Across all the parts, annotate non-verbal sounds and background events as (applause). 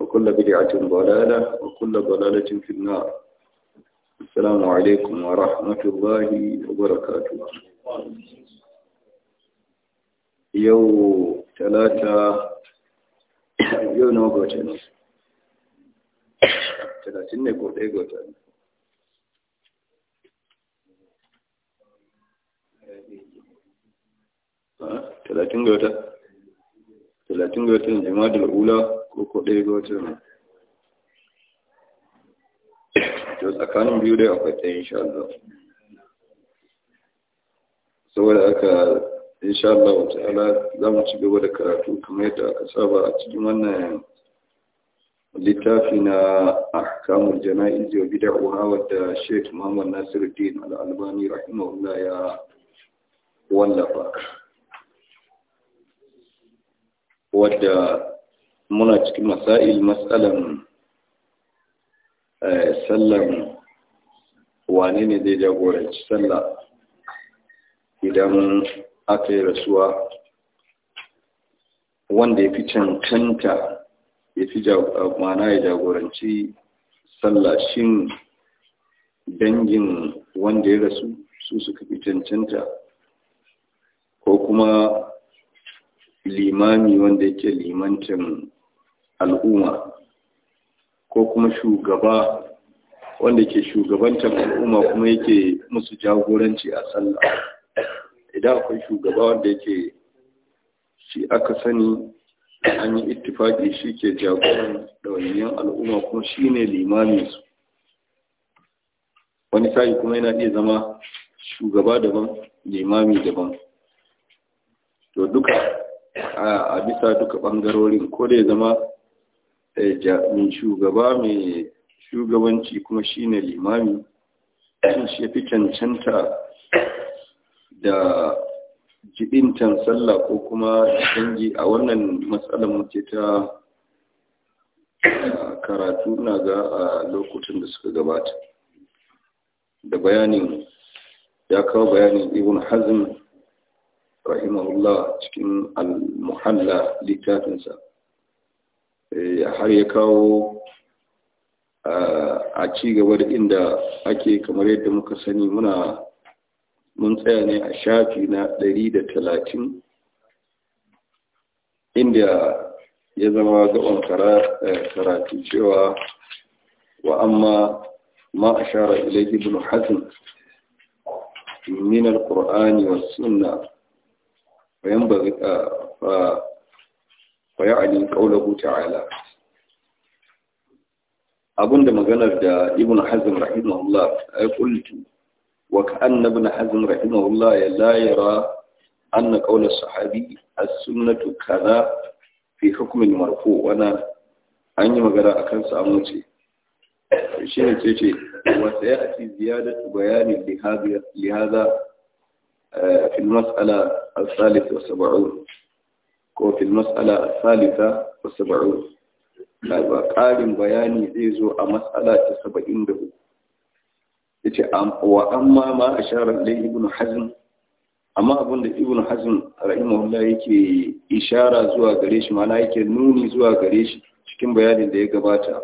وكل بدعة ضلالة وكل ضلالة في النار السلام عليكم ورحمة الله وبركاته يوم ثلاثة يوم وقتنا ثلاثين نقول ايه قتنا ثلاثين قتنا ثلاثين قتنا جماد الأولى ko ɗaya ga ne. to tsakanin biyu dai akwai ɗaya insha Allah saboda aka insha Allah ta'ala za mu ci gaba da karatu kamar yadda aka saba a cikin wannan littafi na ahkamul jana'iz wa bid'ah wadda Sheikh Muhammad Nasiruddin Al-Albani rahimahullah ya wallafa wadda muna cikin masail matsalan eh, sallan wane ne zai jagoranci sallah idan aka yi rasuwa wanda ya fi cancanta ya fi mana ya jagoranci sallah shin dangin wanda ya rasu su suka fi cancanta ko kuma limami wanda yake limancin al'umma ko kuma shugaba wanda ke shugabantar al'umma kuma yake musu jagoranci a sallah idan akwai shugaba wanda yake shi aka sani an yi ittifaki shi ke jagoran ɗawainiyar al'umma kuma shi ne limaninsu wani sa'i kuma yana iya zama shugaba daban limami daban to duka a bisa duka ɓangarorin ko da ya zama Eh, mai shugaba mai shugabanci kuma shine limami shi fi cancanta da jibintan sallah ko kuma canji a wannan matsalar mace ta ah, karatu na ga a lokutan da suka gabata da bayanin ya kawo bayanin ibn hazm rahimahullah cikin al-muhalla littafinsa Eh, har ya kawo a ci gaba da inda ake kamar yadda muka sani muna mun tsaya ne a shafi na ɗari da talatin inda ya zama gaban eh, karatu cewa wa amma ma a shara ilai ibn hazm minar al-qur'ani suna bayan ba ويعني قوله تعالى أبن دم جنر ابن حزم رحمه الله قلت وكأن ابن حزم رحمه الله لا يرى أن قول الصحابي السنة كذا في حكم المرفوع وأنا أني مجرى أكن سأموتي شنو تيجي وسيأتي زيادة بيان لهذا في المسألة الثالث والسبعون وفي المسألة الثالثة والسبعون قال بياني زيزو مسألة السبعين ده وأما ما أشار إليه ابن حزم amma abinda ibn hazm rahimahullah yake ishara zuwa gare shi mana yake nuni zuwa gare shi cikin bayanin da ya gabata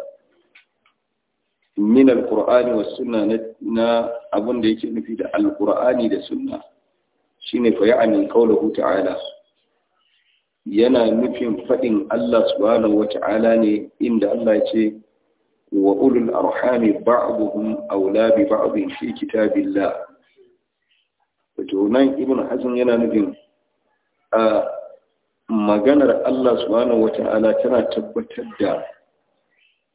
min alqur'ani was sunna na abinda yake nufi da Alkur'ani da sunna shine fa ya'ni qawluhu ta'ala yana nufin faɗin Allah subhanahu ta’ala ne inda Allah ce wa ulul arhami ba'dhum awla bi ba'dhin fi kitabillah wato nan ibn hazm yana nufin a maganar Allah subhanahu ta’ala tana tabbatar da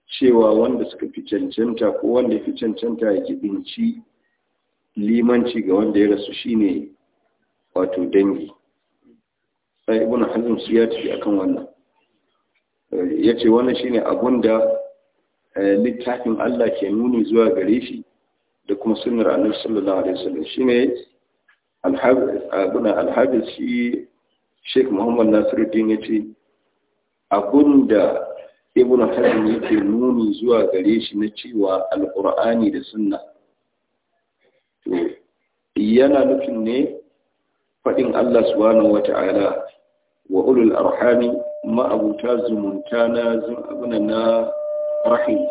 cewa wanda suka fi cancanta ko wanda fi cancanta ya kibinci limanci ga wanda ya rasu shine wato dangi sai ibn hazm su ya akan wannan eh, yace wannan shine abun da eh, littafin Allah ke nuni zuwa gare shi da kuma sunnar annabi sallallahu alaihi wasallam shine alhabis abun alhabis shi Sheikh Muhammad Nasiruddin ya ce abun da ibn hazm yake nuni zuwa gare shi na cewa alqur'ani da sunna yana nufin ne faɗin Allah subhanahu wata'ala wa ulul arhami ma'abuta zumunta na abuna na rahim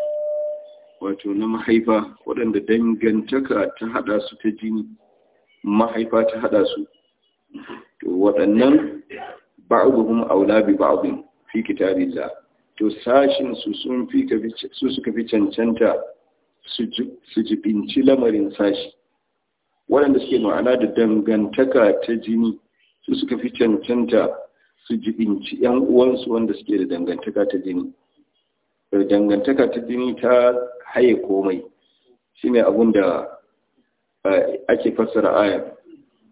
wato na mahaifa waɗanda dangantaka ta haɗa su ta jini mahaifa ta haɗa su to waɗannan ba'uduhum aula bi ba'din fi kitabillah to sashin su sun fi su suka fi cancanta su ji binci lamarin sashi waɗanda suke ma'ana da dangantaka ta jini su suka fi cancanta su jibinci yan uwansu wanda suke da dangantaka ta jini dangantaka ta jini ta haye komai shine abin da eh, ake fassara ayar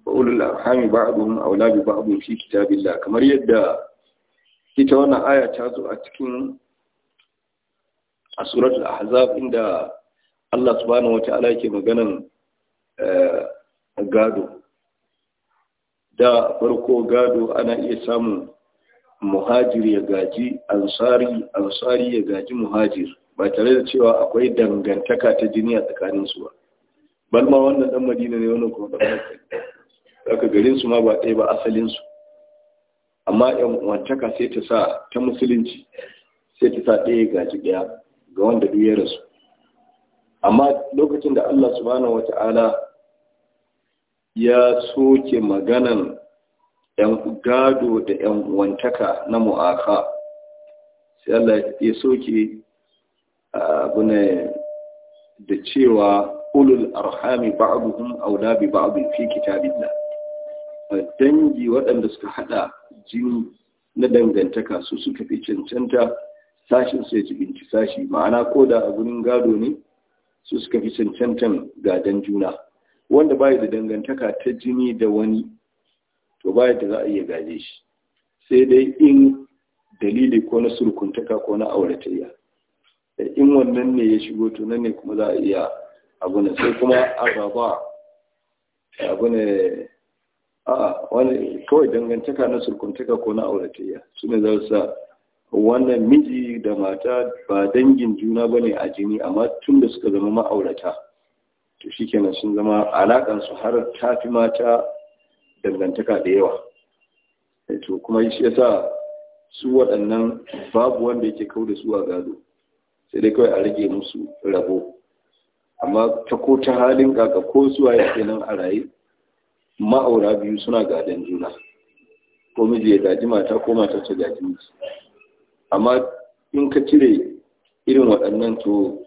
ba'ulul arhami ba'dhum awla bi fi kitabillah kamar yadda ita wannan aya ta zo a cikin a suratul ahzab inda Allah subhanahu wata'ala yake maganan eh, gado da farko gado ana iya samun muhajir ya gaji ansari ansari ya gaji muhajir ba tare da cewa akwai dangantaka ta jini a tsakanin su ba balma wannan dan madina ne wannan kuma dan madina garin su ma ba ɗaya ba asalin su amma yan wantaka sai ta sa ta musulunci sai ta sa ɗaya gaji ɗaya ga wanda duk ya rasu amma lokacin da Allah subhanahu wata'ala ya soke maganan ‘yan gado da ‘yan wantaka na mu'aka sai Allah ya soke ne da cewa ulul arhami ba'duhum aula bi ba'd fi kitabillah dangi waɗanda suka haɗa jini na dangantaka su suka fi cancanta sashin su ya jibinci sashi ma'ana ko da a gurin gado ne su suka fi cancantan gadon juna wanda ba da dangantaka ta jini da wani to ba da za a iya gaje shi sai dai in dalili ko na surkuntaka ko na auratayya in wannan ne ya shigo to nan ne kuma za a iya abu ne sai kuma ababa abu ne a wani kawai dangantaka na surkuntaka ko na auratayya su ne za su sa wannan miji da mata ba dangin juna ba ne a jini amma tun da suka zama ma'aurata to shi kenan sun zama alaƙansu har ta fi mata dangantaka da yawa eh, to kuma shi yasa su waɗannan babu wanda yake kau da su a gado sai dai kawai a rage musu rabo amma ta ko ta halin kaka ko suwa ya kenan a raye ma'aura biyu suna gadon juna ko miji ya gaji mata ko mata ta daji amma in ka cire irin waɗannan to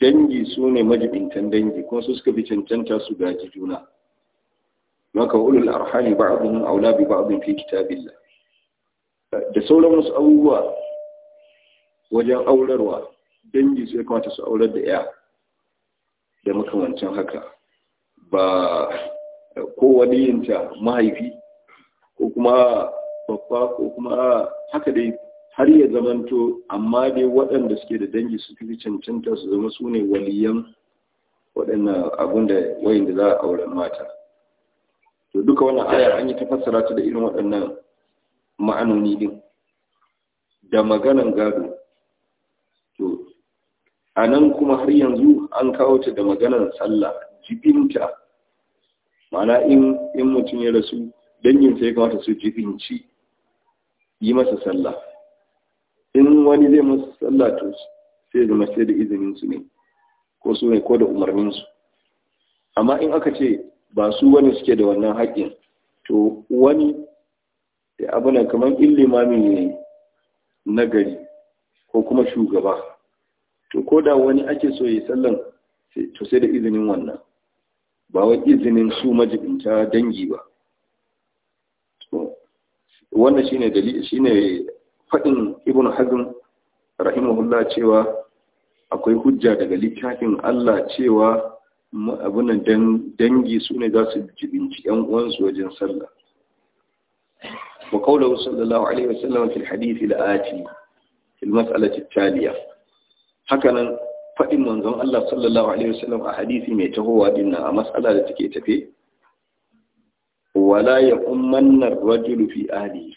dangi su ne majibintan dangi kuma su suka fi cancanta su gaji juna maka ulul ba abin aula bi abin fi kitabillah da sauran wasu abubuwa wajen aurarwa dangi su ya kamata su aurar da ya da makamancin haka ba ko waliyinta mahaifi ko kuma babba ko kuma haka dai har ya zamanto amma dai waɗanda suke da dangi su fi cancanta su zama su ne waliyan waɗannan abin da wayin da za a auren mata to duka wannan aya an yi ta fassara ta da irin waɗannan ma'anoni din da maganan gado to a nan kuma har yanzu an kawo ta da maganan sallah jibinta ma'ana in mutum ya rasu danginsa ya kamata su jibinci yi masa sallah in wani zai masu sallah to sai zama sai da izinin su ne ko su ne ko da umarnin su amma in aka ce ba su wani suke da wannan haƙƙin to wani da abuna kamar illimami ne na gari ko kuma shugaba to ko da wani ake so yi sallan to sai da izinin wannan ba wa izinin su majibinta dangi ba wannan shine dalili shine faɗin ibn hazm rahimahullah cewa akwai hujja daga littafin Allah cewa abunan dangi su ne za su jibinci ‘yan uwansu wajen sallah. Wa kaula sallallahu Alaihi wasallam fil hadithi la'ati fil mas'alati taliya. Hakanan faɗin manzon Allah sallallahu Alaihi wasallam a hadisi mai tahowa dinnan a mas'ala da take tafe. Wala ya ummannar rajulu fi ahli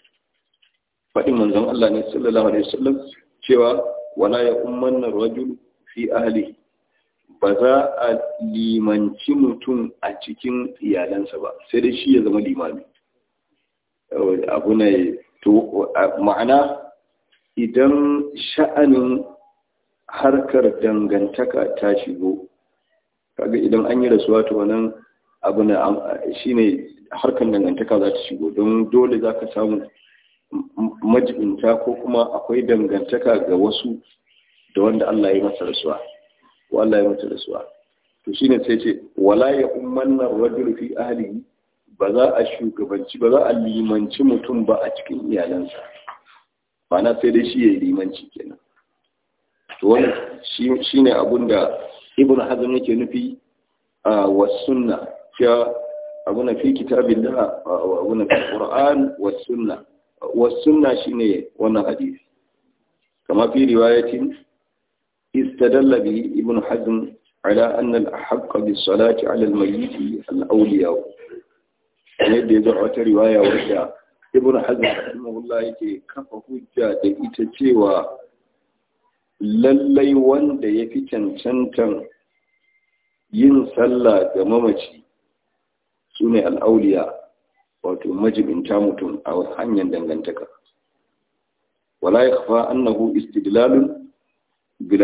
faɗin manzon Allah ne sallallahu alaihi wasallam cewa wala ya ummanna rajul fi ahli ba za a limanci mutum a cikin iyalansa ba sai dai shi ya zama limami abu ne to ma'ana idan sha'anin harkar dangantaka ta shigo kaga idan an yi rasuwa to wannan abu ne shine harkar dangantaka za ta shigo don dole za ka samu majibinta ko kuma akwai dangantaka ga wasu da wanda Allah ya masa rasuwa wa Allah ya masa rasuwa to shine sai ce wala ya ummanna rajul fi ahli ba za a shugabanci ba za a limanci mutum ba a cikin iyalansa ma'ana sai dai shi ya limanci kenan to wannan shine abun da ibnu hazm yake nufi a sunna cewa abuna fi kitabillah abuna fi qur'an wasunna wasunna shine wannan hadisi kama fi riwayatin istadalla bi ibn hazm ala anna al-ahqqa bis salati ala al-mayyit al-awliya ne da yazo wata riwaya wacce ibn hazm rahimahullah yake kafa hujja da ita cewa lallai wanda yafi cancantan yin sallah ga mamaci sune al-awliya wato majibinta mutum a hanyar dangantaka wala ya kafa annahu istidlalun bil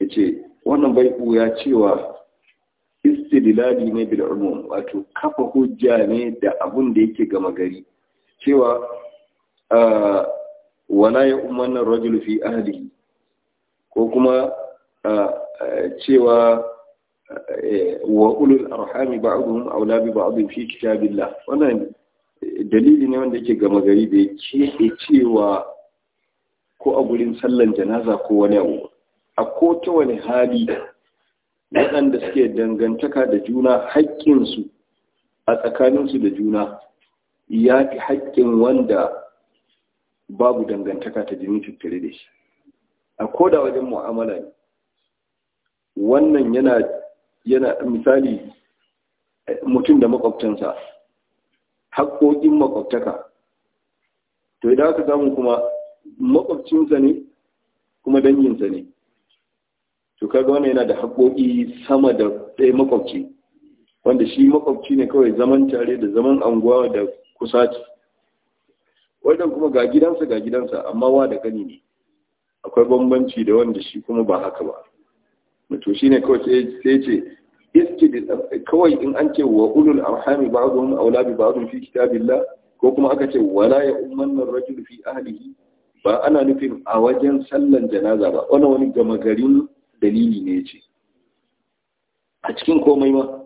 ya ce wannan bai ya cewa istidlali ne bil wato kafa hujja ne da abun da yake gama gari cewa wala ya umarnar rajulufi a ko kuma cewa wa ulul arhami ba'dhum aula bi fi kitabillah wannan dalili ne wanda yake gama gari da yake cewa ko a gurin sallan janaza ko wani abu a ko ta wani hali waɗanda suke dangantaka da juna haƙƙinsu a tsakaninsu da juna ya fi haƙƙin wanda babu dangantaka ta jini tattare da shi a da wajen mu'amala ne wannan yana yana misali mutum da makwabtansa haƙoƙin makwabtaka to idan aka samu kuma makwabcinsa ne kuma danginsa ne to kaga wannan yana da haƙoƙi sama da ɗaya makwabci wanda shi makwabci ne kawai zaman tare da zaman anguwa da kusaci wannan kuma ga gidansa ga gidansa amma wa da gani ne akwai bambanci da wanda shi kuma ba haka ba mutum shi ne kawai sai ce kawai in an ce wa ulul arhami ba'dhum awla bi ba'dhum fi kitabillah ko kuma aka ce wala ya ummanna ar fi ahlihi ba ana nufin a wajen sallan janaza ba wannan wani gama garin dalili ne ce a cikin komai ma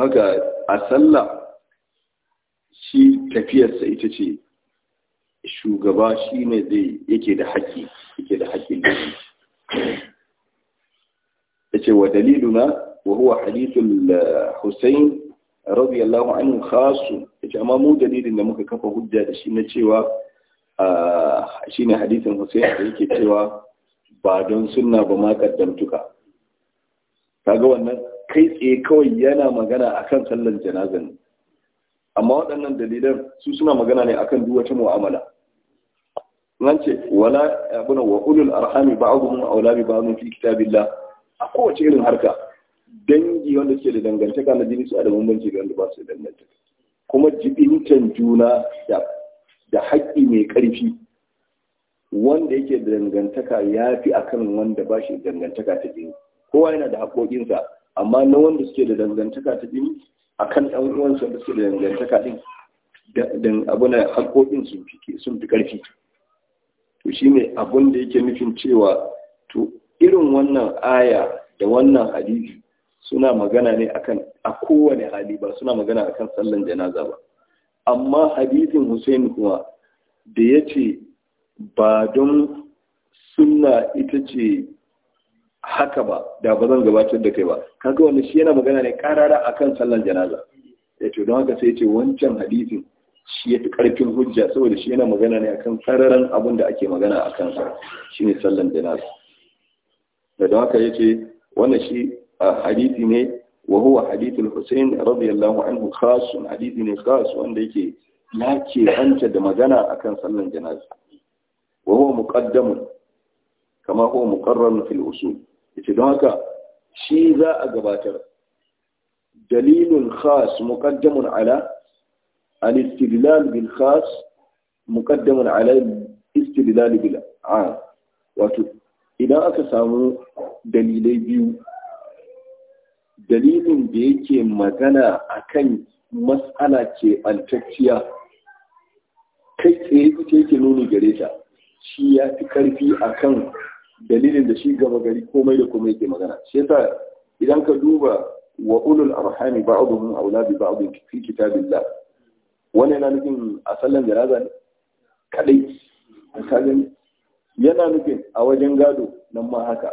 haka a salla shi tafiyarsa ita ce shugaba shi ne zai yake da haƙƙi yake da haƙƙin yace wa daliluna wa huwa hadithul eh, Husayn radiyallahu anhu khasu yace amma mu dalilin da muka kafa hujja da shi na cewa eh, shine hadisin Husayn da yake cewa ba don sunna ba ma kaddamtuka kaga wannan kai tsaye kawai yana magana akan sallar ne. amma waɗannan dalilan su suna magana ne akan duk wata mu'amala nan ce wala eh, abuna wa ulul arhami ba'dhum aulabi bi ba'd fi kitabillah a kowace irin harka dangi wanda suke da dangantaka na jini su da bambanci da wanda ba su da dangantaka kuma jibintan juna da haƙƙi mai ƙarfi wanda yake da dangantaka ya fi a kan wanda ba shi dangantaka ta jini kowa yana da haƙoƙinsa amma na wanda suke da dangantaka ta jini kan ɗan uwansa da suke da dangantaka ɗin dan abu na haƙoƙin sun fi ƙarfi to shi ne abun da yake nufin cewa to irin wannan aya da wannan hadisi suna magana ne akan a kowane hali ba suna magana akan sallan janaza ba amma hadisin Hussein kuma da yace ba don sunna ita ce haka ba da ba zan gabatar da kai ba kaga wanda shi yana magana ne karara akan sallan janaza yace don haka sai yace wancan hadisin shi yafi karfin hujja saboda shi yana magana ne akan sararan abin da ake magana a sa shine sallan janaza da don haka yace wannan shi hadisi ne wa huwa hadithul Hussein radiyallahu anhu khasun hadithi ne khas wanda yake yake hanta da magana akan sallan janaza wa huwa muqaddamun kama huwa muqarrarun fil usul yace don haka shi za a gabatar dalilul khas muqaddamun ala al-istidlal bil khas muqaddamun ala al-istidlal bil 'am wato idan aka samu dalilai biyu dalilin da yake magana akan matsala ke altacciya kai tsaye ita yake nuni gare ta shi ya fi karfi akan dalilin da shi gaba gari komai da komai ke magana shi yasa idan ka duba wa ulul arhami ba'dhum aula bi ba'd fi kitabillah wannan yana nufin a sallan kadai ka gani yana nufin a wajen gado nan ma haka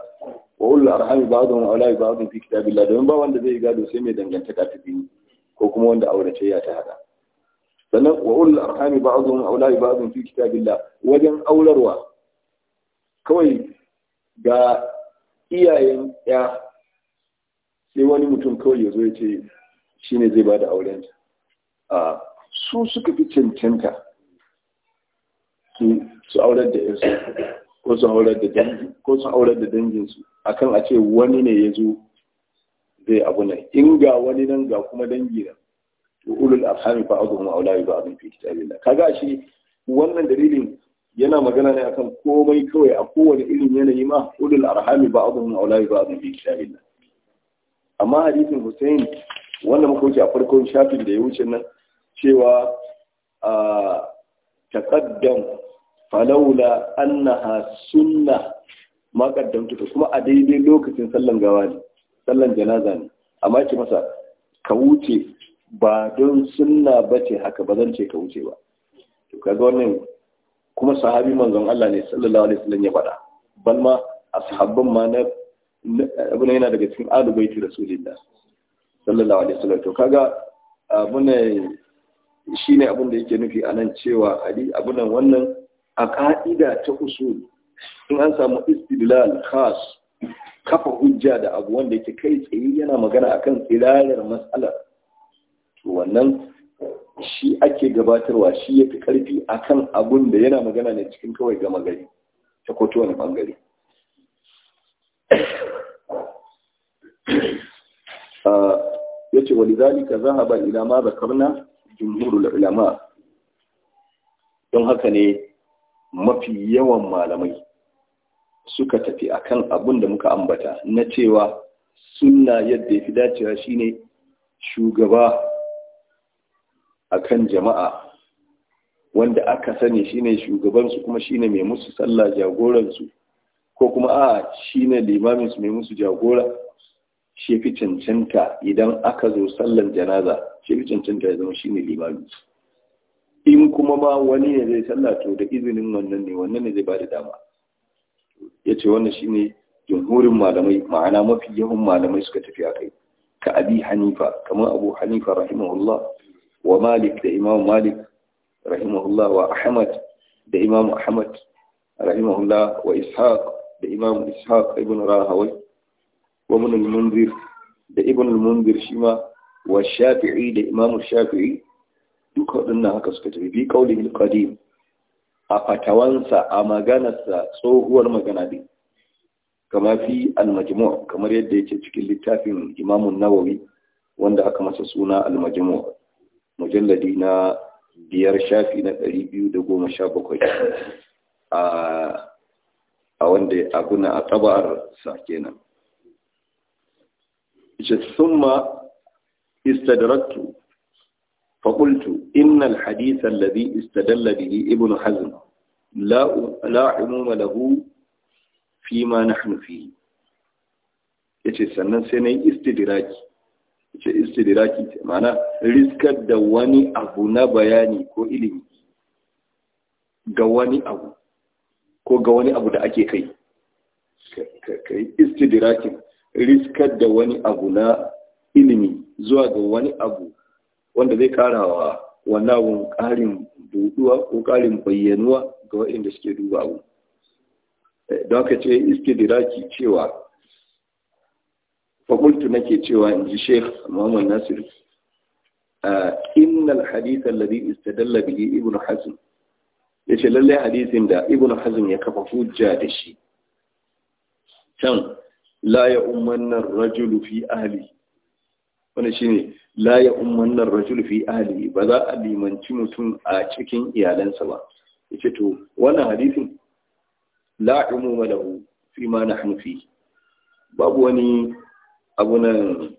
wa ulul arhami ba'dhum awla ba'dhum fi kitabillah domin ba wanda zai gado sai mai dangantaka ta dini ko kuma wanda aurace ya ta hada sannan wa ulul arhami ba'dhum awla ba'dhum fi kitabillah wajen aurarwa kawai ga iyayen ya sai wani mutum kawai ya zo ya ce shine zai bada auren a su suka fi cancanta su aurar da yansu ko su aurar da dangi ko su aurar da danginsu akan a ce wani ne ya zo zai abu nan in ga wani nan ga kuma dangi nan to ulul arhami fa azhum aulawi ba abin fi kitabillah kaga shi wannan dalilin yana magana ne akan komai kawai a kowane irin yanayi ma ulul arhami ba azhum aulawi ba abin fi kitabillah amma hadisin Hussein wanda muka wuce a farkon shafin da ya wuce nan cewa a ah, taqaddam falaula annaha sunna ma kuma a daidai lokacin sallan gawa ne sallan janaza ne amma ki masa ka wuce ba don sunna bace haka ba zan ce ka wuce ba to kaga wannan kuma sahabi manzon Allah ne sallallahu alaihi wasallam ya faɗa bal ma ashabban ma na abin yana daga cikin alu baiti rasulillah sallallahu alaihi wasallam to kaga ne shine abin da yake nufi anan cewa ali nan wannan a ƙa'ida ta usul in an samu istilal, khas kafa hujja da abu wanda yake kai tsaye yana magana akan tsirarar matsalar to wannan shi ake gabatarwa shi ya fi karfi kan abun da yana magana ne cikin kawai gama gari ta koto wani bangare ya ce wani zalika zahaba ilama da karna jumhurul ilama? don haka ne mafi yawan malamai suka tafi akan abin da muka ambata na cewa suna yadda ya fi dacewa shine shugaba akan jama'a wanda aka sani shine shugabansu kuma shine mai musu sallah jagoransu ko kuma a shine limaminsu mai musu jagora shi fi cancanta idan aka zo sallan janaza shi fi cancanta ya zama shine limaminsu in kuma ma wani ne zai sallah to da izinin wannan ne wannan ne zai ba da dama ya ce wannan shi ne jumhurin malamai ma'ana mafi yawan malamai suka tafi a kai ka abi hanifa kamar abu hanifa rahimahullah wa malik da imam malik rahimahullah wa ahmad da imam ahmad rahimahullah wa ishaq da imam ishaq ibn rahawai wa ibn munzir da ibn munzir shi ma wa shafi'i da imam shafi'i duka nan haka suka tafi bi kaulin qadim a fatawansa a maganarsa tsohuwar magana din kama fi al kamar yadda yake cikin littafin Imam an-Nawawi wanda aka masa suna al mujalladi na biyar shafi na 217 a a wanda a kuna a tabar sa kenan ce summa istadraktu فقلت إن الحديث الذي استدل به ابن حزم لا لا عموم له فيما نحن فيه yace sannan sai nayi istidraki yace istidraki ma'ana riskar da wani abu na bayani ko ilimi ga wani abu ko ga wani abu da ake kai kai istidrakin riskar da wani abu na ilimi zuwa ga wani abu wanda zai kara wa wannan abun ƙarin duduwa ko ƙarin bayyanuwa ga waɗanda suke duba abu eh, don haka ce diraki cewa fakultu nake cewa in ji sheikh muhammad nasir ah, innal hadith alladhi istadalla bihi ibnu hazm yace lallai hadisin da ibnu hazm ya kafa hujja da shi can la ya ummanna rajulu fi ahli wani shine la ya ummannar rajul fi Ali, ba za a limanci mutum a cikin iyalansa ba ce to wannan hadisin la umuma lahu fi ma na fi babu wani abunan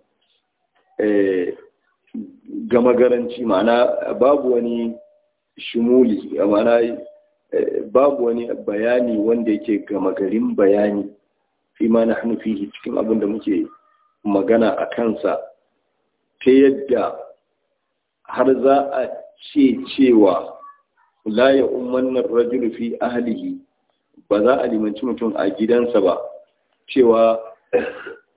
eh, gama garanci ma'ana babu wani shumuli ma'ana eh, babu wani bayani wanda yake gama garin bayani fi ma na fihi cikin abin da muke magana a kansa ta yadda har za a ce cewa la ya umarnar rajulu fi ba za a limanci mutum a gidansa ba cewa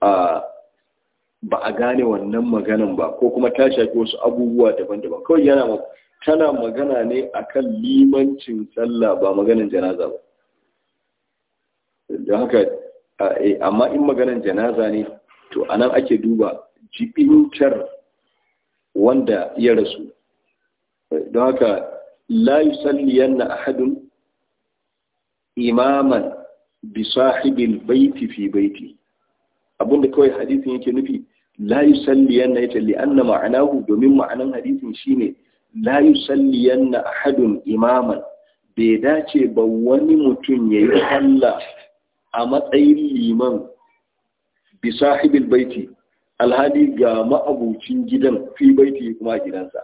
ba a gane wannan maganan ba ko kuma ta shafi wasu abubuwa daban-daban kawai yana tana magana ne akan limancin tsalla ba maganan janaza ba don haka eh, amma in maganan janaza ne to anan ake duba jibintar wanda ya rasu don haka la yusalliyanna ahadun imaman bi baiti fi baiti abinda kawai hadisin yake nufi la yusalliyanna ya talli anna ma'anahu domin ma'anan hadisin shine la yusalliyanna ahadun imaman bai dace ba wani mutum yayi halla a matsayin liman bi baiti alhali ga ma'abucin gidan fi baiti kuma a gidansa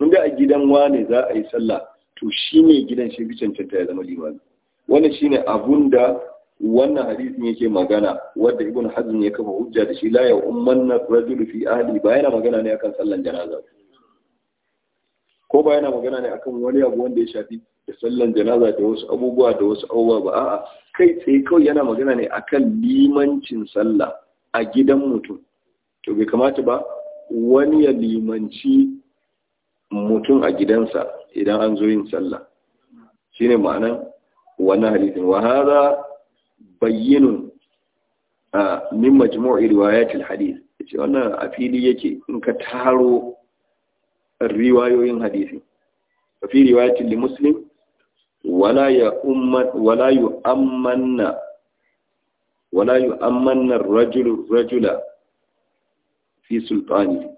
in a gidan wane za a yi sallah to shi ne gidan shi bi cancanta ya zama limami shi shine abun da wannan hadisin yake magana wanda ibn hazm ya kafa hujja da shi la ya na rajul fi ahli ba yana magana ne akan sallan janaza ko ba yana magana ne akan wani abu wanda ya shafi da sallan janaza da wasu abubuwa da wasu abubuwa ba a'a kai sai kawai yana magana ne akan limancin sallah a gidan mutum to bai kamata ba wani ya limanci mutum a gidansa idan an zo yin sallah Shi ne ma'ana wannan hadisin wa hadha a min majmu'i riwayatil hadith yace wannan a fili yake in ka taro riwayoyin hadisi fili riwayatin li muslim wala ya umman wala yu'ammanna wala yu'ammanna ar-rajulu rajula fi sultani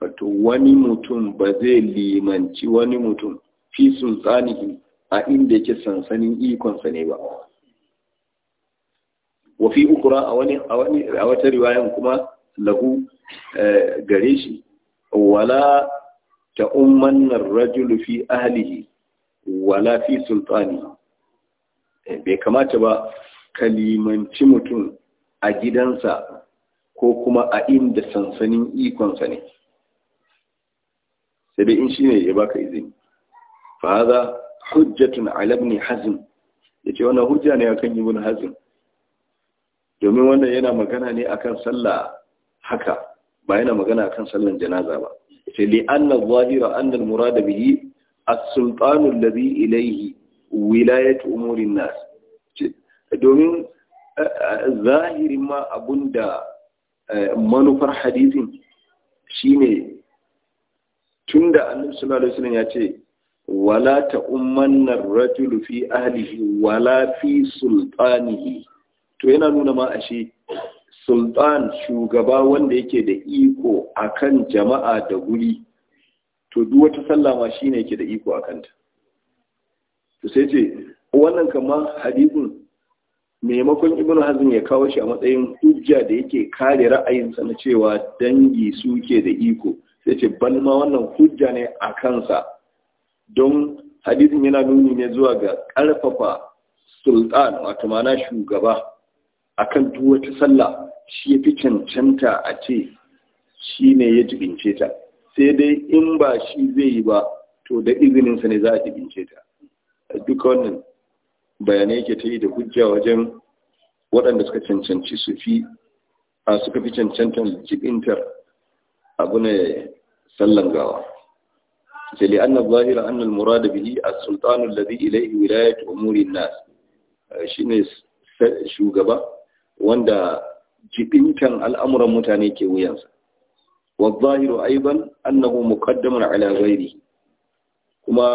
wato wani mutum ba zai limanci wani mutum fi sultanihi a inda yake sansanin ikonsa ne ba wa fi ukura a wani a wata riwayan kuma lahu eh, gare shi wala ta ummanar rajulu fi ahlihi wala fi sultani eh, bai kamata ba kalimanci mutum a gidansa ko kuma a inda sansanin ikonsa ne sai dai in shi ne ya baka izini fa hujjatun ala ibn hazm yace wannan hujja ne akan wani hazin? domin wannan yana magana ne akan sallah haka ba yana magana akan sallan janaza ba yace li anna zahira anna al murad bihi as-sultanu alladhi ilayhi wilayatu umurin nas domin eh, zahirin ma da. Eh, manufar hadisin tun da annabi sallallahu alaihi wasallam ya ce wala ta'ummanna ar-rajulu fi ahlihi wala fi sultanihi to yana nuna ma ashe sultan shugaba wanda yake da iko akan jama'a da guri to duk wata sallah ma shine yake da iko akanta. to sai ce wannan kamar hadisin maimakon ibn hazm ya kawo shi a matsayin hujja da yake kare ra'ayinsa na cewa dangi suke da iko sai ce ban ma wannan hujja ne a kansa don hadisin yana nuni ne zuwa ga ƙarfafa sultan wato mana shugaba akan duk wata sallah shi ya fi cancanta a ce shi ne ya jibince ta sai dai in ba shi zai yi ba to da izininsa ne za a jibince ta duka wannan bayanai yake ta yi da hujja wajen waɗanda suka cancanci su fi a suka fi cancantar jibintar abu ne sallan gawa sai li anna zahira a al-murad bihi as-sultanu alladhi ilayhi wilayatu umuri an-nas eh, shine shugaba wanda jibintan al'amuran mutane ke wuyansa والظاهر أيضا أنه مقدم ala kuma kuma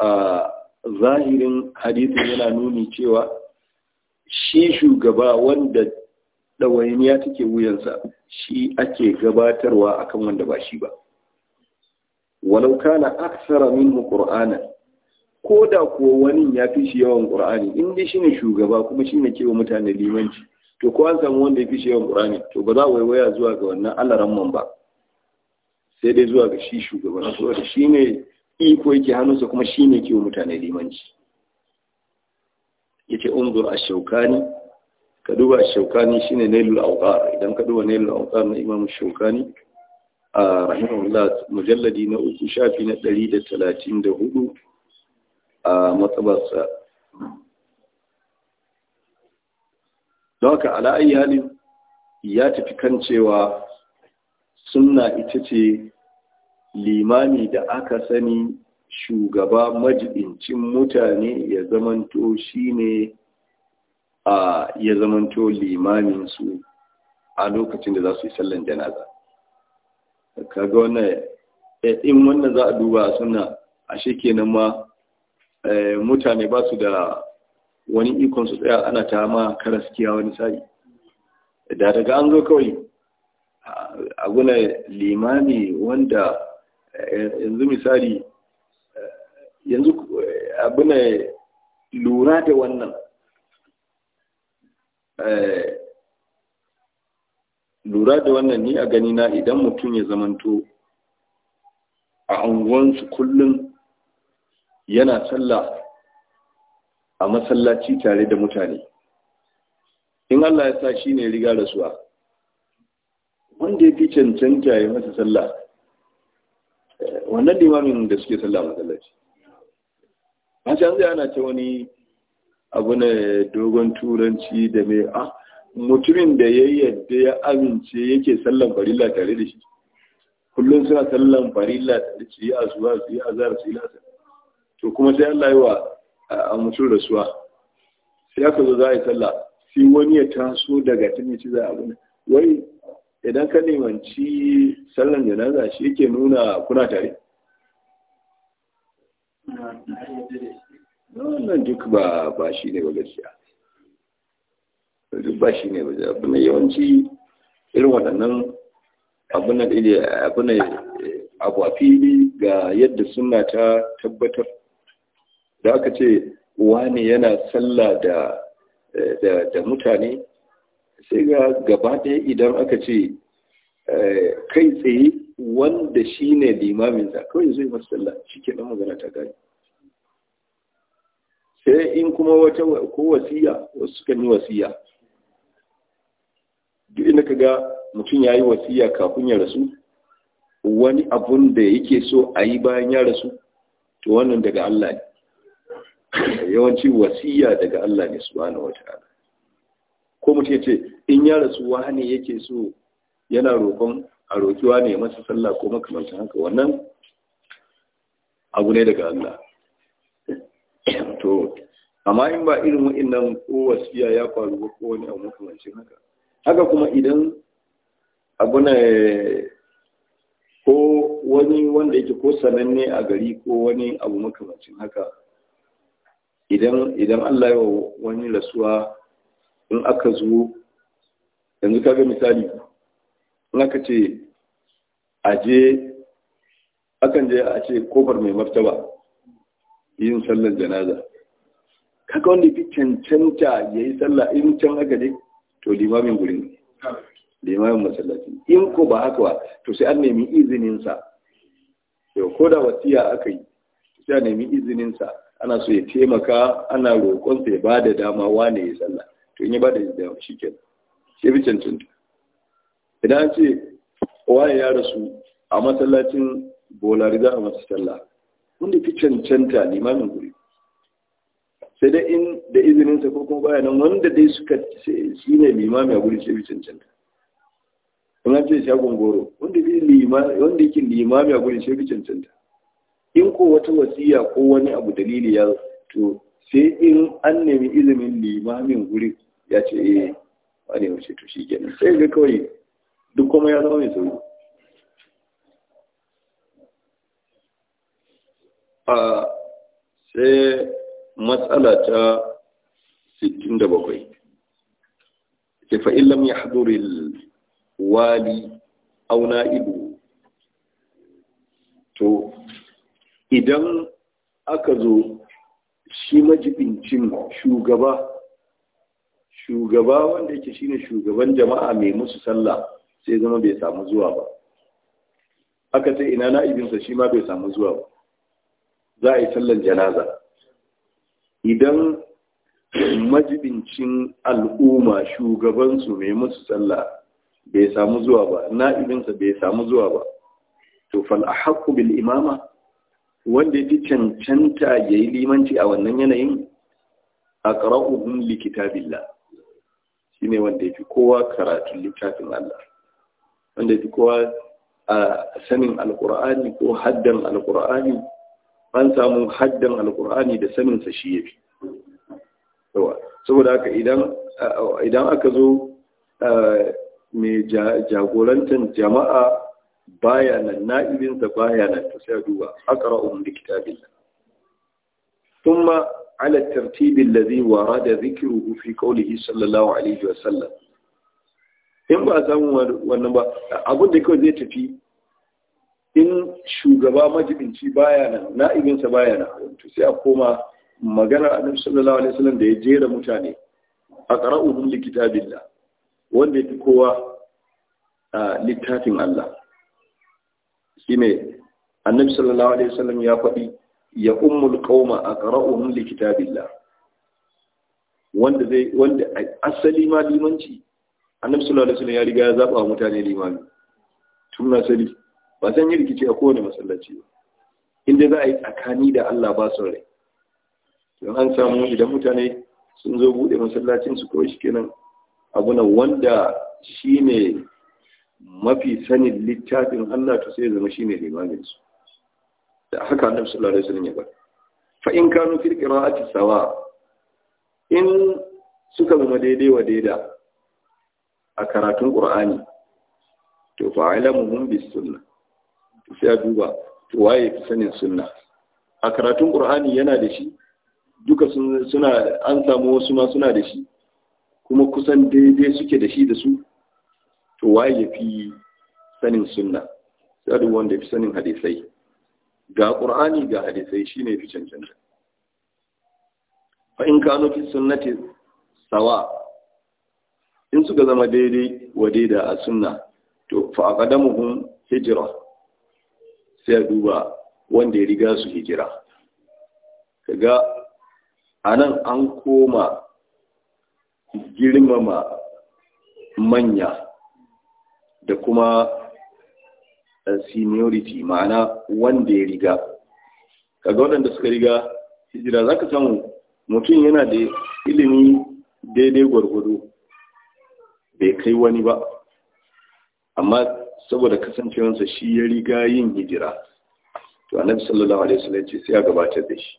ah, zahirin hadithin yana nuni cewa shi shugaba wanda ɗawainiya take wuyansa shi ake gabatarwa akan wanda ba shi ba walau kana aksara minhu qur'ana ko da kuwa wani ya fi shi yawan ƙurani in dai ne shugaba kuma shi ne kewa mutane limanci to ko an samu wanda ya fi shi yawan qur'ani to ba za a waiwaya zuwa ga wannan alaran ba sai dai zuwa ga shi shugaba saboda ne iko yake hannunsa kuma shi ne kewa mutane limanci yake unzur a shaukani ka duba shaukani shi shine nailul awqar idan ka duba nailul awqar na imam shaukani a rahimahullah mujalladi na uku shafi na 134 a matsabarsa don haka ala'ayi halin ya tafi kan cewa suna ita ce limami da aka sani shugaba majiɗincin mutane ya zamanto shine a ya zamanto limaminsu a lokacin da za su yi sallan janaza kaga wannan eh, in wannan za a duba suna ashe kenan ma eh, mutane ba su da wani ikon su tsaya ana ta ma karaskiya wani sa'i da daga an zo kawai a guna limami wanda eh, yanzu misali yanzu eh, abin lura da wannan eh, lura da wannan ni a gani na idan mutum ya zamanto a unguwansu kullum yana sallah a masallaci tare da mutane in Allah ya sa shi ne riga da rasuwa wanda ya fi cancanta ya masa sallah eh, wannan limamin da suke sallah masallaci a an zai ana ce wani abu na dogon turanci da mai a ah, mutumin da ya yadda ya amince yake sallan farilla tare da shi kullum suna sallan farilla tare da shi a zuwa su yi azhar su yi lasa. to kuma sai Allah yi wa a mutum suwa. sai aka zo za a yi sallah sai wani ya taso daga tun ya ci za a abu wai idan ka nemanci sallan janaza shi yake nuna kuna tare wannan duk ba ba shi ne ba gaskiya duk ba shi ne ba abin yawanci irin waɗannan abin da abu a fili ga yadda suna ta tabbatar da aka ce wani yana sallah da da mutane sai ga gaba ɗaya idan aka ce eh, kai tsaye wanda shi ne limamin za kawai zai masu sallah shi ke ɗan magana ta gani sai eh, in kuma wata ko wasiya wasu suka yi wasiya duk inda ka ga mutum ya yi wasiya kafin ya rasu wani abun da yake so a yi bayan ya rasu to wannan daga Allah ne yawanci wasiya daga Allah ne su wata ala ko mutum ya ce in ya rasu wani yake so yana roƙon a roƙi wani masa sallah ko makamantan haka wannan abu ne daga Allah (coughs) to amma in ba irin wa'annan ko wasiya ya faru ba ko wani abu makamancin haka haka kuma idan abu na ko wani wanda yake ko sananne a gari ko wani abu makamancin haka idan idan Allah ya wani rasuwa in aka zo yanzu kaga misali in aka ce aje akan je a ce kofar mai martaba yin sallar janaza kaga wanda fi cancanta ya yi sallah in can haka ne to limamin gurin limamin masallaci in ko ba haka ba to sai an nemi izininsa yau ko da wasiya aka yi sai an nemi izininsa ana so ya taimaka ana sa ya ba da dama wane ya sallah to in ya ba da dama shi ke sai fi cancanta idan ce waye ya rasu a masallacin za a masu sallah wanda fi cancanta limamin guri sai dai in da izininsa ko kuma bayanan wanda dai suka shi ne limami a guri sai fi cancanta in an ce shagon goro wanda yake limami a guri sai fi cancanta in ko wata wasiya ko wani abu dalili ya to sai in an nemi izinin limamin guri ya ce eh wani wace to shi kenan sai ga kawai duk kuma ya zama mai sauri a sai matsala ta 67 ke fa'in lam ya hadurin wali auna ido. to idan aka zo shi majibincin shugaba shugaba wanda yake shine shugaban jama'a mai musu sallah sai zama bai samu zuwa ba aka ce ina na'ibinsa shi ma bai samu zuwa ba za a yi sallan janaza idan majibincin al'umma shugabansu mai musu sallah bai samu zuwa ba na'ibinsa bai samu zuwa ba to fal fal'ahaku bil imama wanda ya fi cancanta ya yi limanci a wannan yanayin a ƙara'uhun biLla, shi ne wanda ya fi kowa karatun littafin Allah wanda ya fi kowa a ah, sanin alƙur'ani ko haddan alƙur'ani an samu haddan alkur'ani da sa shi ya fi saboda haka idan aka zo eh, mai jagorantar jama'a baya nan na'ibinsa baya nan ta sai duba aqra'u min kitabillah thumma ala tartibi alladhi warada dhikruhu fi qawlihi sallallahu alaihi wa sallam in ba samu wannan ba abin da kawai zai tafi in shugaba majibinci baya na na'ibinsa baya na to sai a koma maganar annabi sallallahu alaihi wasallam da ya jera mutane a qara'uhum li kitabillah wanda yake kowa a littafin Allah shine annabi sallallahu alaihi wasallam ya faɗi ya ummul qauma a qara'uhum li kitabillah wanda zai wanda asali ma limanci annabi sallallahu alaihi wasallam ya riga ya zaba mutane limani tun na sali ba zan yi rikici a kowane masallaci ba inda za a yi tsakani da Allah ba su rai don an samu idan mutane sun zo bude masallacin su kawai kenan abu na wanda shine mafi sanin littafin Allah to sai zama shine limamin su da haka Annabi sallallahu alaihi wasallam ya ba fa in kanu fil qira'ati sawa in suka zama daidai wa daida a karatun Qur'ani to fa alamuhum bis sunnah sai a duba to waye fi sanin sunna a karatun qur'ani yana da shi duka suna an samu wasu ma suna da shi kuma kusan daidai suke da shi da su to waye fi sanin sunna sai duk wanda fi sanin hadisai ga qur'ani ga hadisai shine fi cancanta fa in kanu fi sunnati sawa in suka zama daidai wa daida a sunna to fa aqdamuhum hijra sai a duba wanda ya riga su hijira kaga nan an koma girmama manya da kuma eh, seniority ma'ana wanda ya riga kaga waɗanda suka riga hijira za ka samu mutum yana da ilimi daidai gwargwado bai kai wani ba amma saboda kasancewarsa shi ya riga yin hijira to annabi sallallahu alaihi wasallam ce sai ya gabatar da shi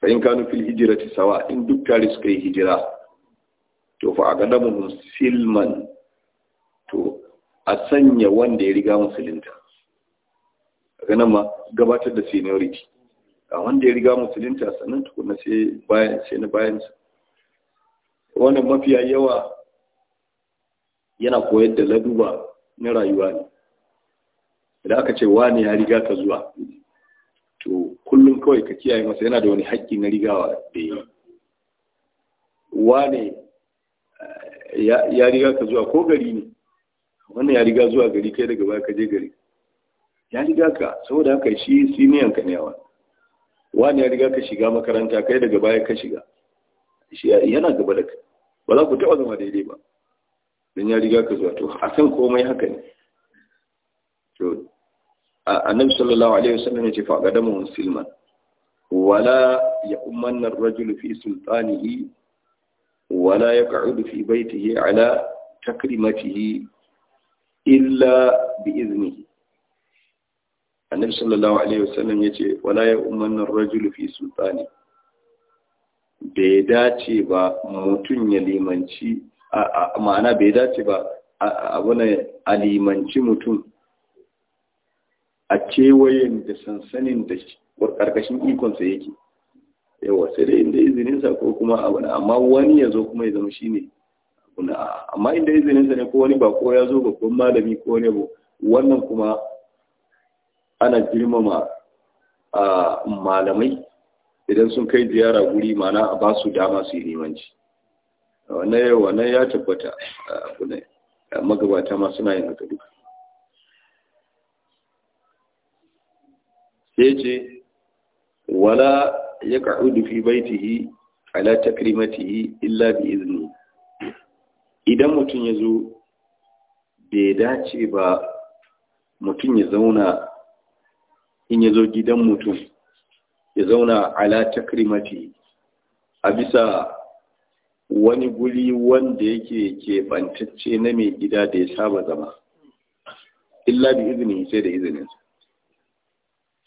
fa in kanu fil hijrati sawa in duk tare suka yi hijira to fa aqdamu silman to a sanya wanda ya riga musulunta kaga nan ma gabatar da seniority a wanda ya riga musulunta sannan tukuna sai bayan sai na bayan wannan mafiya yawa yana koyar da laduba na rayuwa ne idan aka ce wani ya riga ka zuwa to kullum kawai ka kiyaye masa yana da wani haƙƙi na rigawa da yi ne eh, ya riga ka zuwa ko gari ne wannan ya riga zuwa gari kai daga baya ka je gari ya riga ka saboda haka shi siniyan ka ne yawa wani ya riga ka shiga makaranta kai daga baya ka shiga Shi yana gaba da kai ba za ku taɓa zama daidai ba don ya riga ka zuwa to a san komai haka ne to annabi sallallahu alaihi wasallam ya ce fa ga damu musulman wala ya umman ar-rajulu fi sultanihi wala yaq'udu fi baytihi ala takrimatihi illa bi iznihi annabi sallallahu alaihi wasallam ya ce wala ya umman ar-rajulu fi sultanihi bai dace ba mutum ya limanci ma'ana bai dace ba abu ne alimanci mutum a kewayen da sansanin da ƙarƙashin ikonsa yake yawa sai dai inda izininsa ko kuma abu na amma wani ya zo kuma ya zama shi ne amma inda izininsa ne ko wani ba ko ya zo babban malami ko wani abu wannan kuma ana girmama malamai idan sun kai ziyara guri mana a ba su dama su yi limanci wannan yau wannan ya tabbata abu ne magabata ma suna yin haka duka sai ce wala ya ka'udu fi baitihi ala takrimatihi illa bi izni idan mutum ya zo bai dace ba mutum ya zauna in ya zo gidan mutum ya zauna ala takrimati a bisa wani guri wanda yake keɓantacce na mai gida da ya saba zama illa bi izini sai da izinin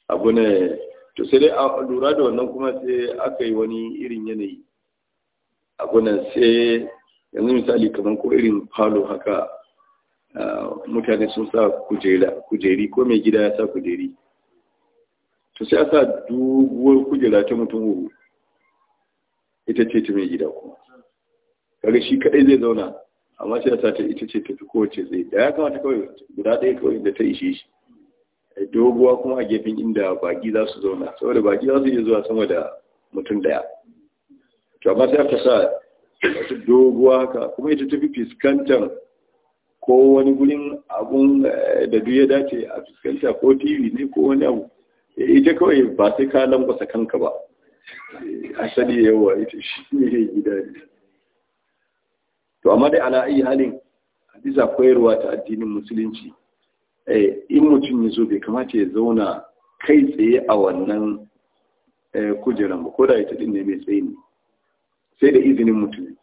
abu ne to sai dai a lura da wannan kuma sai aka yi wani irin yanayi abu nan sai yanzu misali kamar ko irin falo haka mutane sun sa kujeri ko mai gida ya sa kujeri to sai a sa duguwar kujera ta mutum wuru ita ce ta mai gida kuma kaga shi kadai zai zauna amma shi ta ta ita ce ta fi kowace zai da ya kamata kawai guda ɗaya kawai da ta ishe shi doguwa kuma a gefen inda baki za su zauna saboda baki za su iya zuwa sama da mutum ɗaya to amma sai aka sa wata doguwa haka kuma ita ta fi fuskantar ko wani gurin abun eh, da duk ya dace a fuskanta ko tv ne ko wani abu eh, ita kawai ba sai ka lambasa kanka ba eh, asali yawa ita shi ne gida ne to amma dai ala ayi halin hadisa koyarwa ta addinin musulunci eh, in mutum ya zo bai kamata ya zauna kai tsaye a wannan eh, kujeran ba ko da ita din ne mai tsayi ne sai da izinin mutum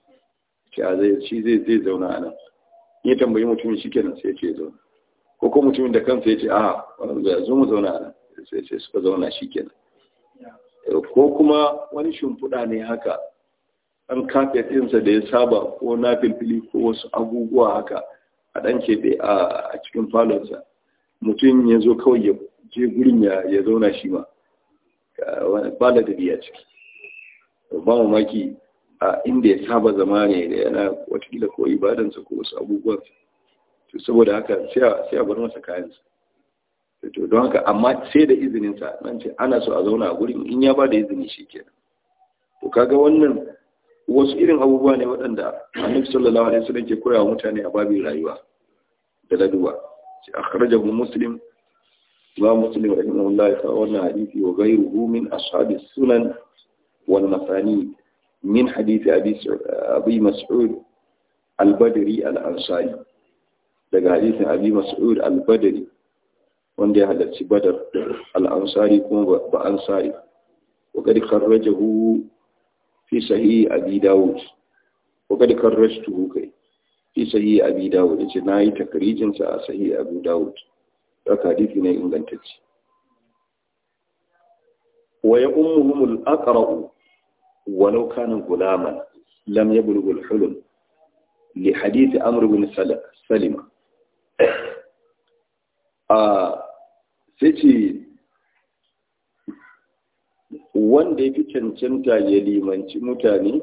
ce a zai shi zai zai zauna a nan ya tambayi mutumin shi kenan sai ya ce zauna ko ko mutumin da kansa ya ce a zo mu zauna a nan sai suka zauna shi kenan eh, ko kuma wani shimfiɗa ne haka ɗan kafet da ya saba ko na filfili ko wasu abubuwa haka a ɗan keɓe a cikin falonsa mutum ya zo kawai ya je gurin ya zauna shi ma ba da biya ciki ba mamaki a inda ya saba zama ne da yana watakila ko ibadansa ko wasu abubuwan saboda haka sai a bar masa kayansa to don haka amma sai da izininsa nan ce ana so a zauna a gurin in ya ba da izini shi kenan to kaga wannan wasu irin abubuwa ne waɗanda annabi sallallahu alaihi wasallam ke koya mutane a babin rayuwa da laduwa shi akhrajahu muslim wa muslim rahimahullah fa wannan hadisi wa ghayruhu min ashabi sunan wal masani min hadisi abi abi mas'ud al-badri al-ansari daga hadisin abi mas'ud al-badri wanda ya halarci badar al-ansari kuma ba ansari wa qad kharrajahu fi sahihi abi dawud ko kada karrastu kai fi sahihi abi dawud yace nayi takrijin sa a sahihi abu dawud haka hadisi ne ingantacce wa ya ummuhum al-aqra'u walau kana gulaman lam yablugh al-hulum li hadith amr ibn salima (coughs) a ah, sai wanda ya fi cancanta ya limanci mutane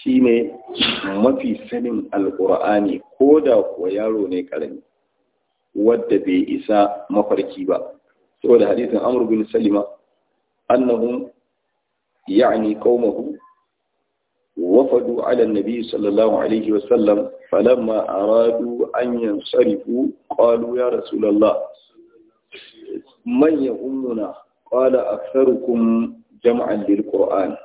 shine mafi sanin alkur'ani ko da kuwa yaro ne karami wadda bai isa mafarki ba saboda hadisin amur bin salima Annahun ya'ni Kaumahu, wafadu ala nabi sallallahu alaihi wasallam falamma aradu an yansarifu qalu ya rasu man ya ummuna qala aktharukum jam'an lil qur'an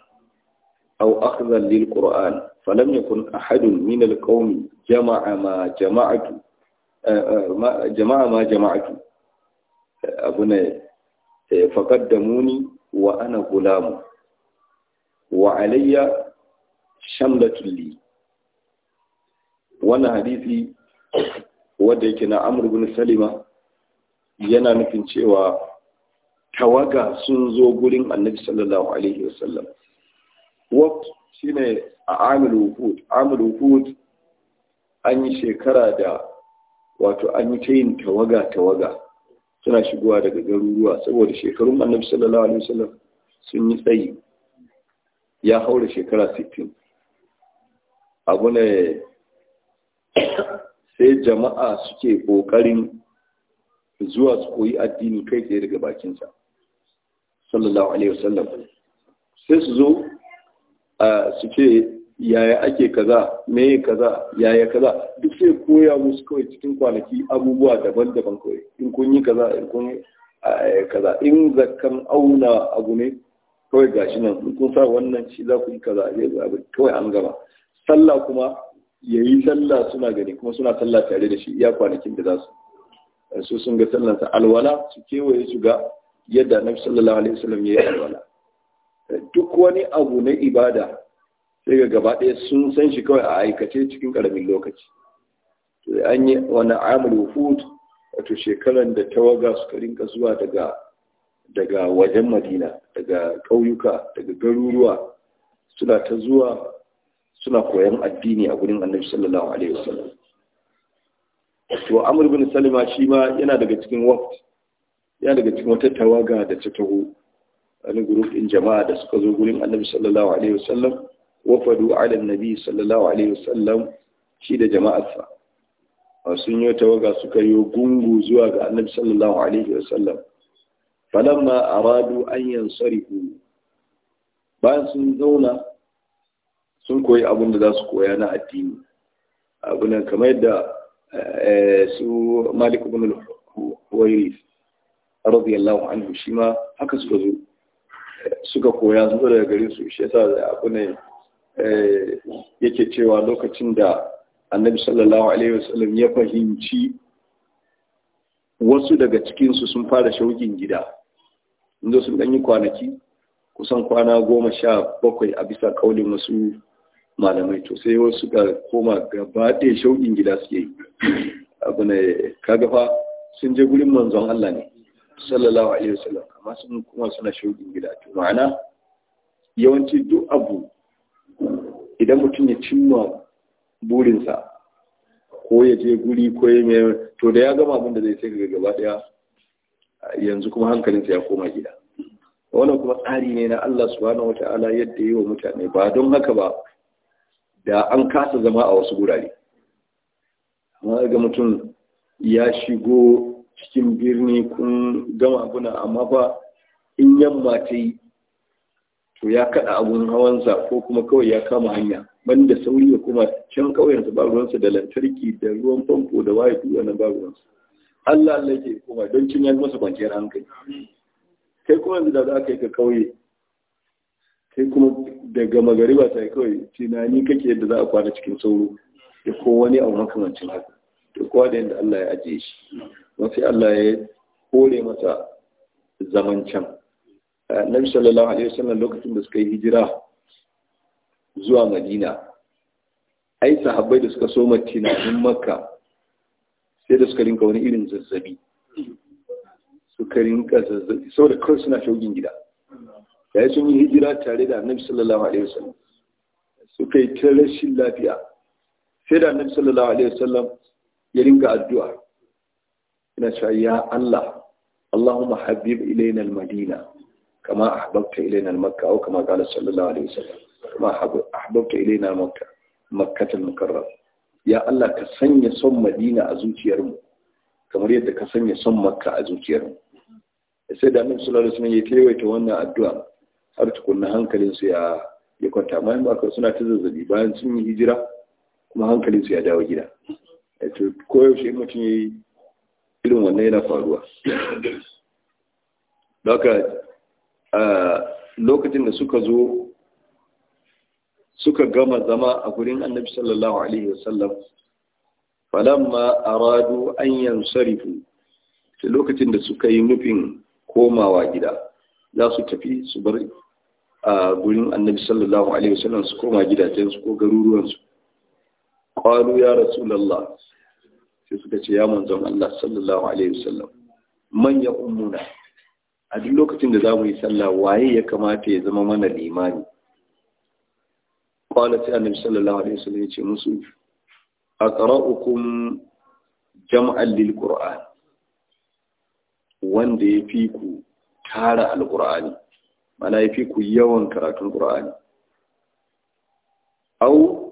aw akhdhan lil qur'an falam yakun ahadun min al qawmi jama'a ma jama'atu jama'a ma jama'atu wa ana gulamu wa alayya shamlatul wannan hadisi wanda yake na Amr bin Salima yana nufin cewa tawaga sun zo gurin annabi sallallahu alaihi wasallam waqt shine a amil wuhud amil wuhud an yi shekara da wato an yi ta yin tawaga tawaga suna shigowa daga garuruwa saboda shekarun annabi sallallahu alaihi wasallam sun yi tsayi ya haura shekara 60 abu ne sai jama'a suke kokarin zuwa su koyi addini kai tsaye daga bakinsa sallallahu alaihi wasallam sai su zo su ce yaya ake kaza meye kaza yaya kaza duk sai koya musu kawai cikin kwanaki abubuwa daban-daban kawai in kun yi kaza in kun yi kaza in zakan auna abu ne kawai gashi nan in kun sa wannan shi za ku yi kaza kawai an gama sallah kuma ya yi sallah suna gani kuma suna sallah tare da shi iya kwanakin da za su su sun ga sallansa alwala su kewaye su ga yadda na sallallahu alaihi wasallam ya yi wala duk wani abu na ibada sai ga gaba ɗaya sun san shi kawai a aikace cikin ƙaramin lokaci to an yi wani amul wufud wato shekaran da tawaga suka rinka zuwa daga daga wajen madina daga ƙauyuka daga garuruwa suna ta zuwa suna koyan addini a gurin annabi sallallahu alaihi wasallam to amr bin salima shi ma yana daga cikin waqt ya daga cikin wata tawaga da ta taho wani group din jama'a da suka zo gurin annabi sallallahu alaihi wasallam wafadu ala nabi sallallahu alaihi wasallam shi da jama'arsa sun yi tawaga suka yi gungu zuwa ga annabi sallallahu alaihi wasallam falamma aradu an yansarihu bayan sun zauna sun koyi abin da za su koya na addini abinan kamar yadda eh, su malik ibn al-huwairis radiyallahu anhu shi ma haka suka zo suka koya zuwa daga gare su shi yasa da abu ne eh, yake cewa lokacin da annabi sallallahu alaihi wasallam ya fahimci wasu daga cikinsu sun fara shaukin gida inda sun ɗanyi kwanaki kusan kwana goma sha bakwai a bisa kaulin wasu malamai to sai wasu ga koma gaba ɗaya shaukin gida suke yi abu ne kagafa sun je gurin manzon Allah ne sallallahu alaihi wasallam amma sun kuma suna shugin gida to ma'ana yawanci duk abu idan mutum ya cimma burinsa ko ya je guri ko ya mai to da ya gama abin da zai sai ga gaba daya yanzu kuma hankalinsa ya koma gida wannan kuma tsari ne na Allah subhanahu wataala yadda yi wa mutane ba don haka ba da an kasa zama a wasu gurare amma ga mutum ya shigo cikin birni kun gama abuna amma ba in yamma ta yi to ya kada abun hawansa ko kuma kawai ya kama hanya banda sauri ya kuma can kawai ba ruwansa da lantarki da ruwan famfo da waye duk na ba ruwansa Allah Allah ke kuma don cin yanzu masa kwanciyar hankali kai kuma yanzu da za ka yi ka kauye kai kuma daga magariba sai kawai tunani kake yadda za a kwana cikin sauro da ko wani abu makamancin haka da kowa da yadda Allah ya ajiye shi don sai Allah ya kore masa zaman can nabi sallallahu alaihi sallam lokacin da suka yi hijira zuwa madina ai sahabbai da suka so matinanin makka sai da suka rinka wani irin zazzabi suka rinka zazzabi saboda kawai suna shogin gida ya ya sun yi hijira tare da annabi sallallahu alaihi wasallam suka yi ta rashin lafiya sai da annabi sallallahu alaihi wasallam ya rinka addu'a ina cewa ya Allah Allahumma habib ilayna al-Madina kama ahbabta ilayna al-Makkah aw kama qala sallallahu alaihi wasallam kama ahbabta ilayna Makkah Makkah al-Mukarram ya Allah ka sanya son Madina a zuciyarmu kamar yadda ka sanya son Makka a zuciyarmu sai da Annabi sallallahu alaihi wasallam ya tayawaita wannan addu'a har tukunna su ya ya kwanta amma ba ka suna ta zazzabi bayan sun yi hijira kuma hankalin su ya dawo gida to yaushe mutum ya yi irin wannan yana faruwa daga lokacin da suka zo suka gama zama a gurin annabi sallallahu alaihi wasallam falamma aradu an yansarifu ta lokacin da suka yi nufin komawa gida za su tafi su bar a gurin annabi sallallahu alaihi wasallam su koma gidajensu ko garuruwansu qalu ya rasulullah sai suka ce ya manzon Allah sallallahu alaihi wasallam man ya ummuna a duk lokacin da zamu yi sallah waye ya kamata ya zama mana limami qala sai annabi sallallahu alaihi wasallam ya ce musu aqra'ukum jam'an lil qur'an wanda ya fi ku tara alqur'ani mana ya fi ku yawan karatun qur'ani au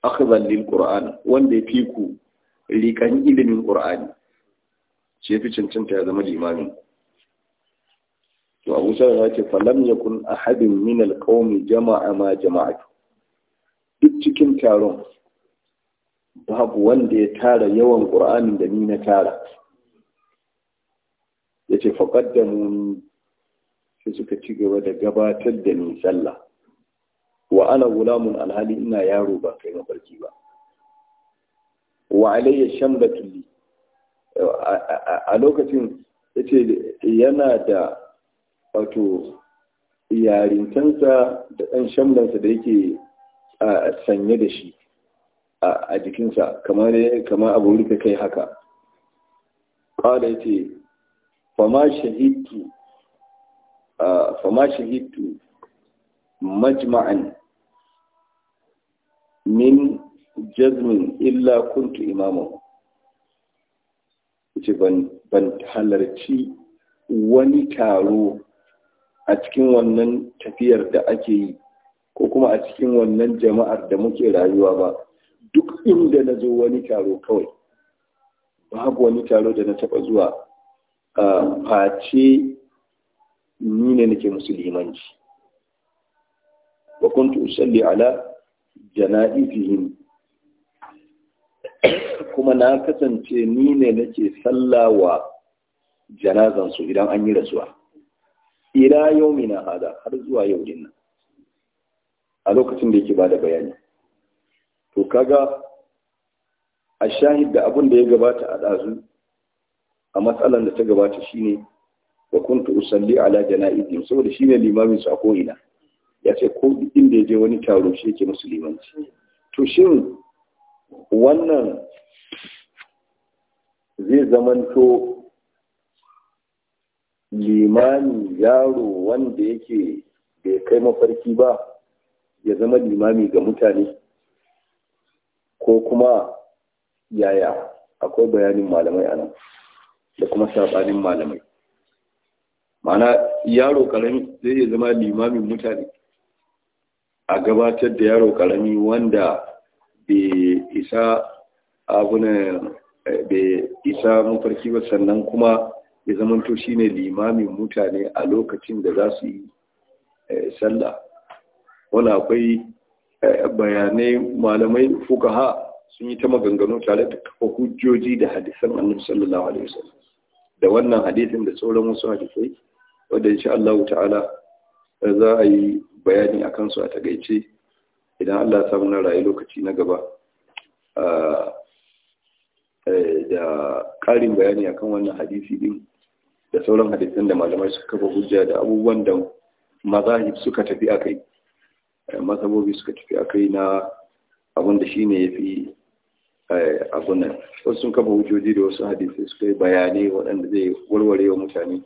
akhdan lil qur'an wanda ya fi ku rikan ilimin ƙura'ani ce fi cancanta ya zama limamin to abu sarara ce falam a haɗin min alqawmi jama'a ma jama'a? duk cikin taron babu wanda ya tara yawan ƙura'anin da ni na tara yace faqaddamu sai suka ci gaba da gabatar da ni sallah wa ana gulamun alhali ina yaro ba kai mafarki ba wa alayya shambatu li a lokacin yace yana da wato yarintansa da ɗan shambansa da yake sanye da shi a jikinsa kamar abu rika kai haka yace ya ce fama shahittu majma'an min jazmin illa kuntu imamu ce ban halarci wani taro a cikin wannan tafiyar da ake yi ko kuma a cikin wannan jama'ar da muke rayuwa ba duk inda na zo wani taro kawai babu wani taro da na taɓa zuwa a face ni ne nake musulmanci wa kuntu usalli ala jana'izihim kuma na kasance ni ne nake sallawa janazansu idan an yi rasuwa ila yau mina hada har zuwa yau din nan a lokacin da yake bada bayani to kaga a shahid da abin da ya gabata a ɗazu a matsalan da ta gabata shine wa kuntu usalli ala jana'izim saboda shine limamin su a ko'ina ya ce ko inda ya je wani taro shi yake musulmanci to shin wannan zai zamanto limami yaro wanda yake bai kai mafarki ba ya zama limami ga mutane ko kuma yaya akwai bayanin malamai a nan da kuma saɓanin malamai mana yaro karami zai iya zama limamin mutane a gabatar da yaro karami wanda bai isa abunan bai isa mafarki ba sannan kuma ya zamanto shi ne limamin mutane a lokacin da za su yi eh, sallah wani akwai eh, bayanai malamai fuka ha sun yi ta maganganu tare da kafa hujjoji da hadisan annabi sallallahu alaihi wasallam da wannan hadisin da sauran wasu hadisai wanda insha Allah ta'ala eh, za a yi bayani a kansu a tagaice idan Allah ya samu na rayu lokaci na gaba ah, Eh, da ƙarin bayani akan wannan hadisi din da sauran hadisin da malamai suka kafa hujja da abubuwan da mazahib suka tafi akai eh, masabobi suka tafi akai na abin da shine yafi eh, abun nan wasu sun kafa hujjoji da wasu hadisai suka yi bayanai waɗanda zai warware wa mutane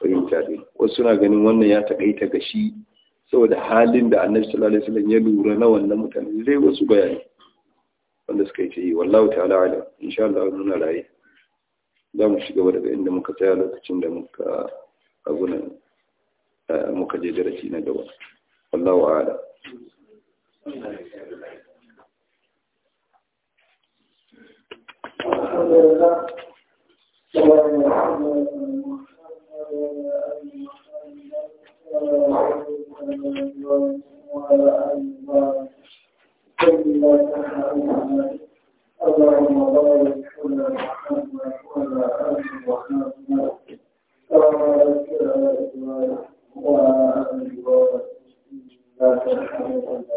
fahimta din wasu suna ganin wannan ya taƙaita ga shi saboda halin da annabi sallallahu alaihi wasallam ya lura na wannan mutane zai wasu bayani wanda suka yi ta yi wallahu ta'ala ala sha Allah nuna raye za mu shiga daga inda muka tsaya lokacin da muka abunan eh, muka je darasi na gaba da ala اللهم بارك على محمد وعلى آل محمد كما باركت على إبراهيم وعلى آل إبراهيم إنك حميد مجيد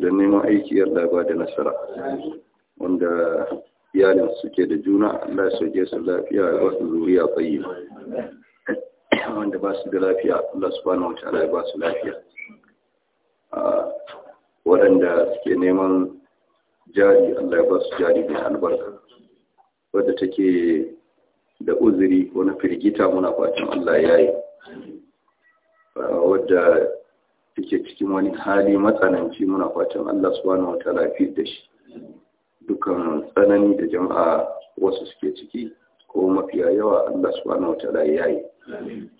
don neman aiki yarda ba da nasara wanda iyalin suke da juna Allah ya soke su lafiya ya wasu zuriya bayi wanda ba su da lafiya Allah subhanahu wa ta'ala ya ba su lafiya waɗanda suke neman jari Allah ya ba su jari mai albarka wadda take da uzuri ko na firgita muna fatan Allah ya yi wadda yake cikin wani hali matsananci muna fatan Allah subhanahu Wata lafi da shi dukan tsanani da jama'a wasu suke ciki ko mafiya yawa Allah subhanahu Wata lafi yayi.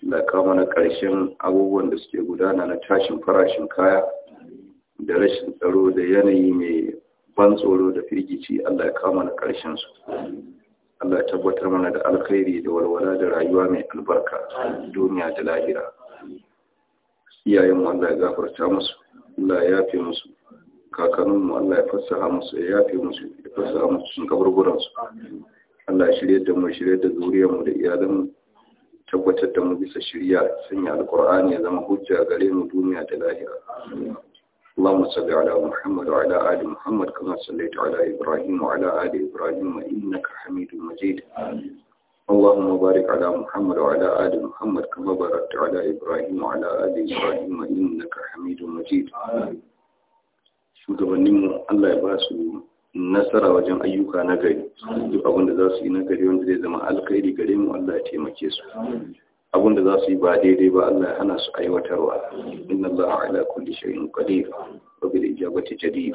da kama na ƙarshen abubuwan da suke gudana na tashin farashin kaya da rashin tsaro da yanayi mai ban tsoro da firgici Allah ya kama na ƙarshen su Allah ya tabbatar mana da alkhairi da walwala da rayuwa mai albarka duniya da lahira iyayenmu Allah ya gafarta musu Allah ya yafe musu kakanninmu Allah ya fassara musu ya yafe musu ya fassara musu sun su Allah ya shirye da mu shirye da zuriyarmu da iyalanmu tabbatar da mu bisa shirya sanya alkur'ani ya zama hujja gare mu duniya da lahira اللهم صل على محمد وعلى آل محمد كما صليت على إبراهيم وعلى آل إبراهيم إنك حميد مجيد آمين. اللهم بارك على محمد وعلى آل محمد كما باركت على إبراهيم وعلى آل إبراهيم إنك حميد مجيد shugabanninmu Allah ya ba su nasara wajen ayyuka na gari duk abinda za su yi na gari wanda zai zama alkhairi gare mu Allah ya taimake su abinda za su yi ba daidai ba Allah ya hana su aiwatarwa inna Allah ala kulli shay'in qadir wa bil ijabati jadid